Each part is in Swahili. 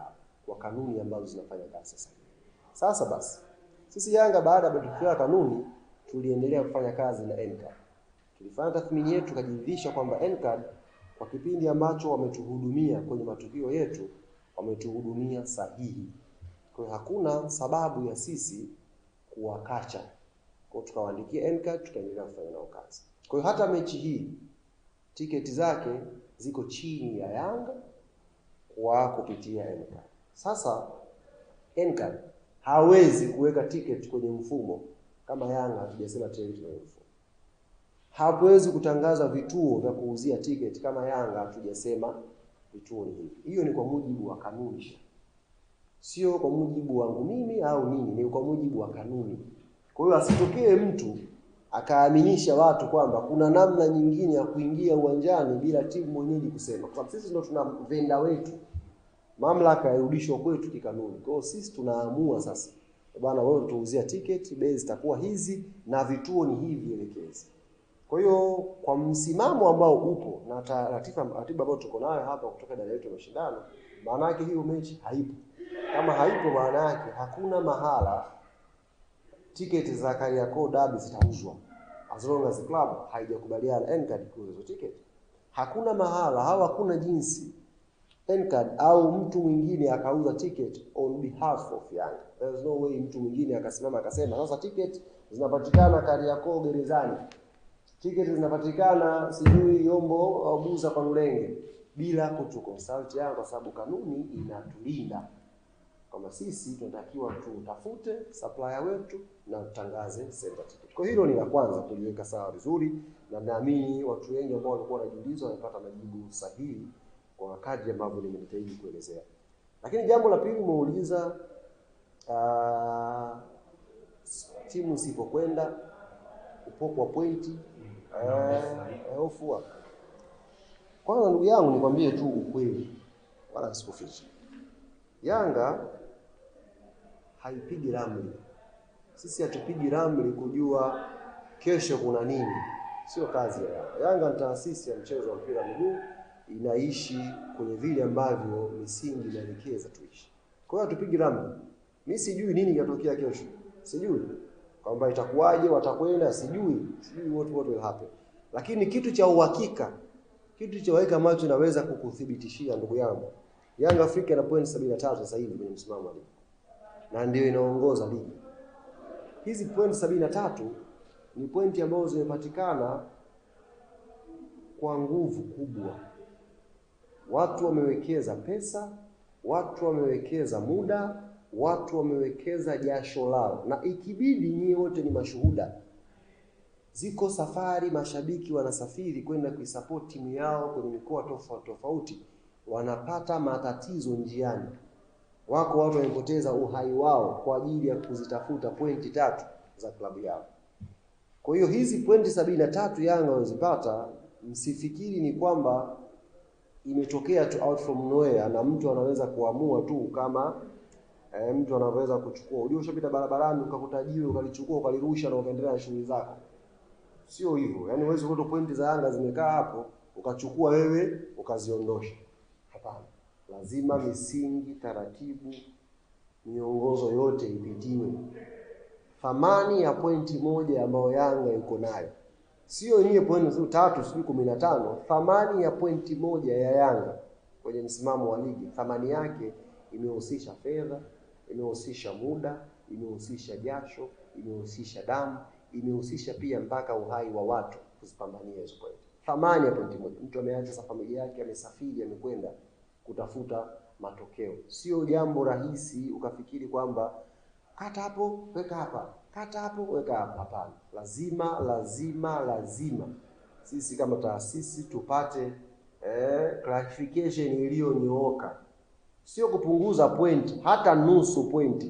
lao kwa kanuni ambazo zinafanya kazi sasa hivi. Sasa basi sisi Yanga baada ya matokeo ya kanuni tuliendelea kufanya kazi na NCAR. Tulifanya tathmini yetu tukajiridhisha kwamba NCAR kwa kipindi ambacho wametuhudumia kwenye matukio yetu wametuhudumia sahihi. Kwa hiyo hakuna sababu ya sisi kuwakacha. Kwa tukawaandikia NCAR tukaendelea kufanya nao kazi. Kwa hiyo hata mechi hii tiketi zake ziko chini ya Yanga wa kupitia NCAL. Sasa NCAL hawezi kuweka ticket kwenye mfumo kama Yanga, hatujasema tena tuna mfumo. Hawezi kutangaza vituo vya kuuzia ticket kama Yanga, hatujasema vituo ni hivi. Hiyo ni kwa mujibu wa kanuni, sio kwa mujibu wangu mimi au nini, ni kwa mujibu wa kanuni. Kwa hiyo asitokee mtu akaaminisha watu kwamba kuna namna nyingine ya kuingia uwanjani bila timu mwenyeji kusema, kwa sababu sisi ndo tuna venda wetu mamlaka yarudishwa kwetu kikanuni. Kwa hiyo sisi tunaamua sasa, bwana, wewe tuuzia tiketi, bei zitakuwa hizi na vituo ni hivi elekezi. Kwa hiyo kwa msimamo ambao upo na ratiba ambayo tuko nayo hapa kutoka idara yetu ya mashindano, maana yake hiyo mechi haipo. Kama haipo, maana yake hakuna mahala tiketi za Kariakoo Derby zitauzwa as long as club haijakubaliana kuuza tiketi. Hakuna mahala au hakuna jinsi n au mtu mwingine akauza ticket on behalf of Yanga. There is no way mtu mwingine akasimama akasema sasa ticket zinapatikana Kariakoo gerezani, ticket zinapatikana sijui Yombo au Buza kwa Rulenge bila kutu consult Yanga, kwa sababu kanuni inatulinda kama sisi tunatakiwa tutafute supplier wetu na tutangaze center ticket. Kwa hilo ni la kwanza kuliweka sawa vizuri, na naamini watu wengi ambao walikuwa wanajiuliza wamepata majibu sahihi kwa kadri ambavyo nimejitahidi kuelezea. Lakini jambo la pili umeuliza uh, ah, timu isipokwenda upoku wa pointi eh, eh, hofu uh, hapo. Kwanza ndugu yangu, nikwambie tu ukweli, wala sikuficha, Yanga haipigi ramli. Sisi hatupigi ramli kujua kesho kuna nini, sio kazi ya Yanga. Yanga ni taasisi ya mchezo wa mpira miguu inaishi kwenye vile ambavyo misingi inaelekeza tuishi. Kwa hiyo tupige ramli. Mimi sijui nini kitatokea kesho, sijui kwamba itakuwaje, watakwenda, sijui sijui what what will happen, lakini kitu cha uhakika, kitu cha uhakika ambacho naweza kukuthibitishia ndugu yangu, Yanga Afrika ina point 73 sasa hivi kwenye msimamo wa ligi na ndio inaongoza ligi. Hizi point 73 ni pointi ambazo zimepatikana kwa nguvu kubwa watu wamewekeza pesa, watu wamewekeza muda, watu wamewekeza jasho lao, na ikibidi nyie wote ni mashuhuda. Ziko safari, mashabiki wanasafiri kwenda kuisapoti timu yao kwenye mikoa tofauti tofauti, wanapata matatizo njiani. Wako watu wamepoteza uhai wao kwa ajili ya kuzitafuta pointi tatu za klabu yao. Kwa hiyo hizi pointi sabini na tatu Yanga wamezipata, msifikiri ni kwamba imetokea tu out from nowhere, na mtu anaweza kuamua tu kama eh, mtu anaweza kuchukua. Unajua, ushapita barabarani ukakuta jiwe ukalichukua ukalirusha na ukaendelea na shughuli zako, sio hivyo. Yani huwezi kukuta pointi za Yanga zimekaa hapo ukachukua wewe ukaziondosha. Hapana, lazima misingi, taratibu, miongozo yote ipitiwe. Thamani ya pointi moja ambayo Yanga yuko nayo sio nyie pointi tatu sijui kumi na tano. Thamani ya pointi moja ya Yanga kwenye msimamo wa ligi, thamani yake imehusisha fedha, imehusisha muda, imehusisha jasho, imehusisha damu, imehusisha pia mpaka uhai wa watu kuzipambania hizo pointi. Thamani ya pointi moja, mtu ameacha sa familia yake, amesafiri, amekwenda kutafuta matokeo. Sio jambo rahisi ukafikiri kwamba kata hapo, weka hapa kata hapo weka hapa. hapana. Lazima lazima lazima sisi kama taasisi tupate eh, clarification iliyonyooka, sio kupunguza point hata nusu point.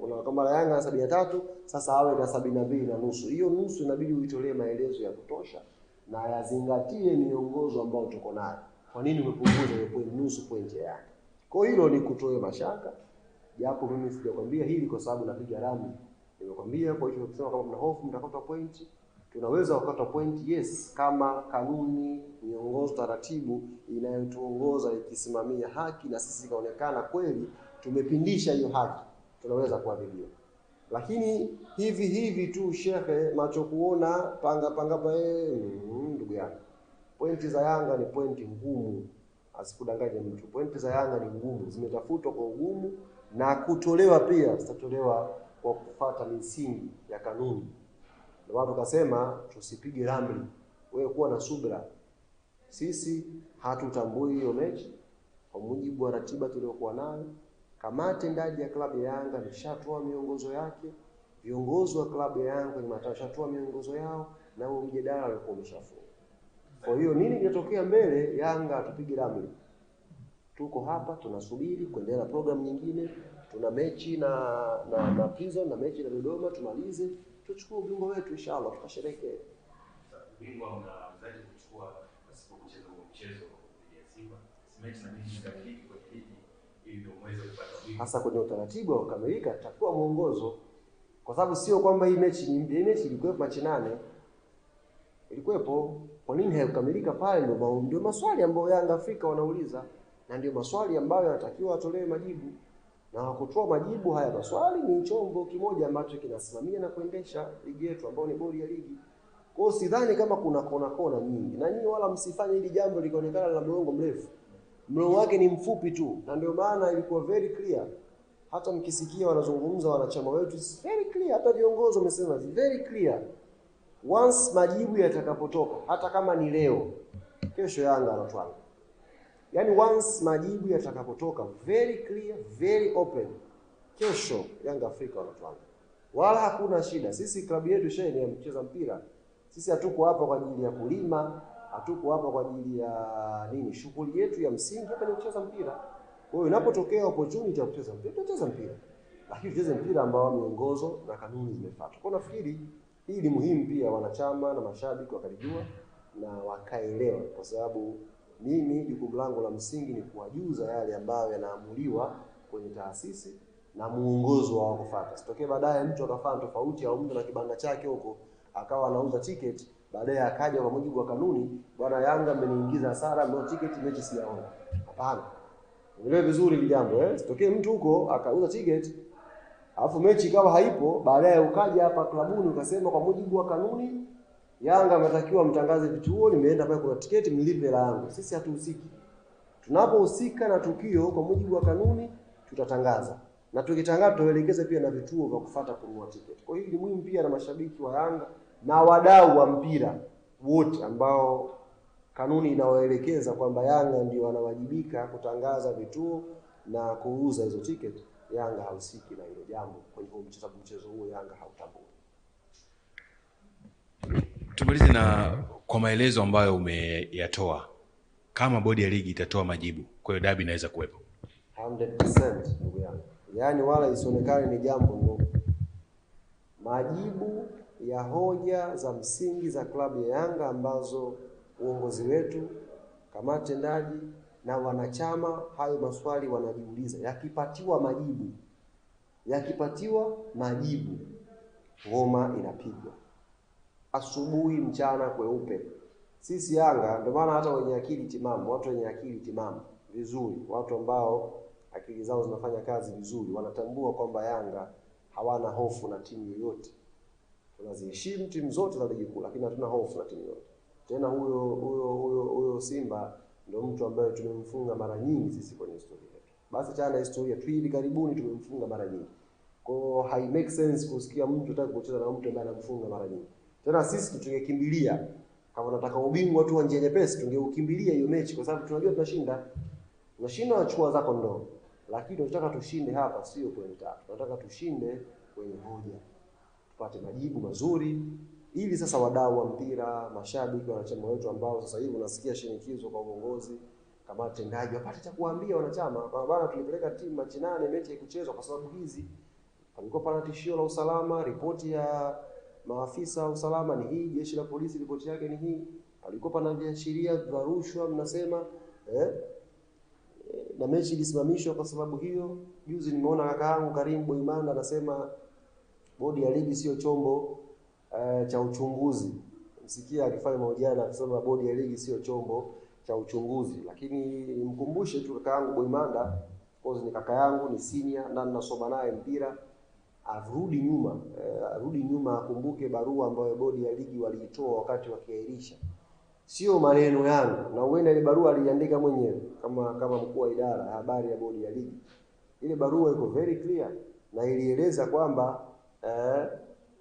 Unakamala Yanga na sabini na tatu, sasa awe na sabini na mbili na nusu. Hiyo nusu inabidi uitolee maelezo ya kutosha na yazingatie miongozo ambayo tuko nayo. Kwa nini umepunguza hiyo point, nusu point ya Yanga? Kwa hilo ni kutoe mashaka, japo mimi sijakwambia hili kwa sababu napiga ramu Nimekwambia. Kwa hiyo tunasema kama mna hofu mtakata point, tunaweza kukata point yes, kama kanuni, miongozo, taratibu inayotuongoza ikisimamia haki na sisi ikaonekana kweli tumepindisha hiyo haki, tunaweza kuadhibiwa. Lakini hivi hivi tu shekhe, macho kuona panga panga pa yeye, eh, mm, ndugu yangu, pointi za Yanga ni pointi ngumu, asikudanganye mtu. Pointi za Yanga ni ngumu, zimetafutwa kwa ugumu na kutolewa pia, zitatolewa kwa kufuata misingi ya kanuni. Ndio watu kasema tusipige ramli, wewe kuwa na subra. Sisi hatutambui hiyo mechi kwa mujibu wa ratiba tuliyokuwa nayo. Kamati ndaji ya klabu ya Yanga imeshatoa miongozo yake, viongozi wa klabu ya Yanga matashatoa miongozo yao, na huo mjadala ulikuwa umeshafunga. Kwa hiyo nini kinatokea mbele, Yanga hatupige ramli, tuko hapa tunasubiri kuendelea na programu nyingine tuna mechi na na, na Prison na mechi na Dodoma, tumalize tuchukue ubingwa wetu inshallah, ubingwa. hasa kwenye utaratibu wa kukamilika tutakuwa mwongozo, kwa sababu sio kwamba hii mechi mbili. mechi ilikuwepo Machi nane, ilikuwepo. Kwa nini haikukamilika pale? Ndio maswali ambayo Yanga Afrika wanauliza na ndio maswali ambayo yanatakiwa atolewe majibu na wakutoa majibu haya maswali ni chombo kimoja ambacho kinasimamia na kuendesha ligi yetu ambayo ni bodi ya ligi. Kwa hiyo sidhani kama kuna kona kona nyingi, na nyinyi wala msifanye hili jambo likaonekana la mlongo mrefu. Mlongo wake ni mfupi tu, na ndio maana ilikuwa very clear. Hata mkisikia wanazungumza wanachama wetu, very clear. Hata viongozi wamesema very clear, once majibu yatakapotoka, hata kama ni leo, kesho Yanga anatwanga yani once majibu yatakapotoka very clear, very open, kesho Yanga Afrika wanatwanga, wala hakuna shida. Sisi klabu yetu sheni ya mcheza mpira, sisi hatuko hapa kwa ajili ya kulima, hatuko hapa kwa ajili ya nini. Shughuli yetu ya msingi hapa ni kucheza mpira. Kwa hiyo inapotokea opportunity ya kucheza mpira, tutacheza mpira, lakini tucheze mpira ambao miongozo na kanuni zimefuatwa. Kwa nafikiri hii ni muhimu pia wanachama na mashabiki wakalijua na wakaelewa kwa sababu mimi jukumu langu la msingi ni kuwajuza yale ambayo yanaamuliwa kwenye taasisi na muongozo wa kufuata. Sitokee baadaye mtu akafanya tofauti au mtu na kibanda chake huko akawa anauza tiketi, baadaye akaja kwa mujibu wa kanuni, bwana, Yanga ameniingiza hasara, ndio tiketi mechi siyaona. Hapana, uelewe vizuri ile jambo eh. Sitokee mtu huko akauza tiketi alafu mechi ikawa haipo, baadaye ukaja hapa klabuni ukasema kwa mujibu wa kanuni Yanga ametakiwa mtangaze vituo, nimeenda pale, kuna tiketi, mlipe la yangu. Sisi hatuhusiki. Tunapohusika na tukio kwa mujibu wa kanuni, tutatangaza na tukitangaza, tutaelekeza pia na vituo vya kufuata kununua tiketi. Kwa hiyo ni muhimu pia na mashabiki wa Yanga na wadau wa mpira wote ambao kanuni inawaelekeza kwamba Yanga ndio wanawajibika kutangaza vituo na kuuza hizo tiketi. Yanga hahusiki na hilo jambo. Kwa hivyo mchezo huo Yanga hautambui tumalize na kwa maelezo ambayo umeyatoa, kama bodi ya ligi itatoa majibu, kwa hiyo dabi inaweza kuwepo 100% ndugu yangu, yaani wala isionekane ni jambo ngumu. Majibu ya hoja za msingi za klabu ya Yanga ambazo uongozi wetu, kamati tendaji na wanachama, hayo maswali wanajiuliza, yakipatiwa majibu, yakipatiwa majibu, ngoma inapigwa asubuhi, mchana kweupe. Sisi Yanga ndio maana hata wenye akili timamu, watu wenye akili timamu vizuri, watu ambao akili zao zinafanya kazi vizuri, wanatambua kwamba Yanga hawana hofu na timu yoyote. Tunaziheshimu timu zote za ligi kuu, lakini hatuna hofu na timu yoyote. Tena huyo huyo huyo huyo Simba ndio mtu ambaye tumemfunga mara nyingi sisi kwenye historia yetu. Basi chana na historia tu, hivi karibuni tumemfunga mara nyingi. Kwa hiyo hai make sense kusikia mtu anataka kucheza na mtu ambaye anamfunga mara nyingi. Tena sisi tungekimbilia kama tunataka ubingwa tu wa njia nyepesi, tungeukimbilia hiyo mechi, kwa sababu tunajua tunashinda, tunashinda nachukua zako ndoo, lakini tunataka tushinde hapa, sio pointi tatu, tunataka tushinde kwenye hoja, tupate majibu mazuri, ili sasa wadau wa mpira, mashabiki, wanachama wetu ambao sasa hivi unasikia shinikizo kwa uongozi kamati tendaji wapate cha kuambia wanachama, bana, tulipeleka timu Machi nane, mechi haikuchezwa kwa sababu hizi, palikuwa pana tishio la usalama, ripoti ya maafisa wa usalama ni hii, jeshi la polisi ripoti yake ni hii, palikuwa pana viashiria vya rushwa mnasema eh? na mechi ilisimamishwa kwa sababu hiyo. Juzi nimeona kaka yangu Karim Boimanda anasema bodi ya ligi sio chombo e, cha uchunguzi. Msikia akifanya mahojiano akisema bodi ya ligi sio chombo cha uchunguzi, lakini nimkumbushe tu kaka yangu Boimanda, of course ni kaka yangu, ni senior na ninasoma naye mpira arudi nyuma eh, arudi nyuma akumbuke barua ambayo bodi ya ligi waliitoa wakati wakiahirisha. Sio maneno yangu, na huenda ile barua aliandika mwenyewe kama kama mkuu wa idara ya habari ya bodi ya ligi. Ile barua iko very clear na ilieleza kwamba eh,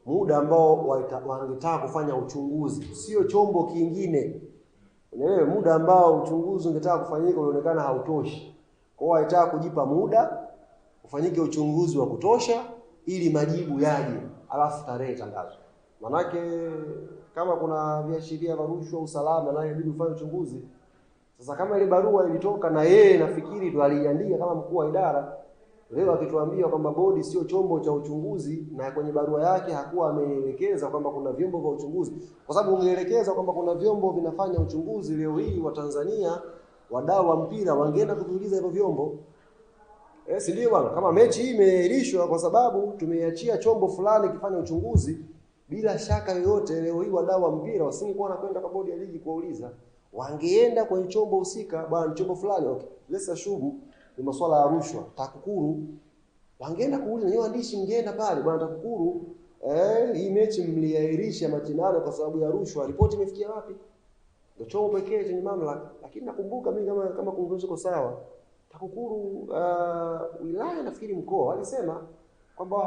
muda ambao wangetaka kufanya uchunguzi, sio chombo kingine. Unaelewa, muda ambao uchunguzi ungetaka kufanyika ulionekana hautoshi, kwao, hiyo walitaka kujipa muda ufanyike uchunguzi wa kutosha ili majibu yaje, alafu tarehe tangazo Manake kama kuna viashiria vya rushwa usalama, na inabidi ufanye uchunguzi. Sasa kama ile barua ilitoka na yeye nafikiri ndo aliandika kama mkuu wa idara, leo akituambia kwamba bodi sio chombo cha uchunguzi, na kwenye barua yake hakuwa ameelekeza kwamba kuna vyombo vya uchunguzi, kwa sababu ungeelekeza kwamba kuna vyombo vinafanya uchunguzi, leo hii Watanzania wadau wa mpira wangeenda kuviuliza hivyo vyombo eh, si ndio bwana? Kama mechi hii imeahirishwa kwa sababu tumeiachia chombo fulani kifanya uchunguzi, bila shaka yoyote leo hii wadau wa mpira wasingekuwa wanakwenda kwa bodi ya ligi kuuliza, wangeenda kwenye chombo husika, bwana chombo fulani, okay, let's assume ni masuala ya rushwa, TAKUKURU wangeenda kuuliza, nyinyi waandishi mngeenda pale, bwana TAKUKURU, eh, hii mechi mliahirisha machinano kwa sababu ya rushwa, ripoti imefikia wapi? Ndio chombo pekee chenye mamlaka. Lakini nakumbuka mimi kama kama kuongoza sawa TAKUKURU uh, wilaya nafikiri mkoa walisema kwamba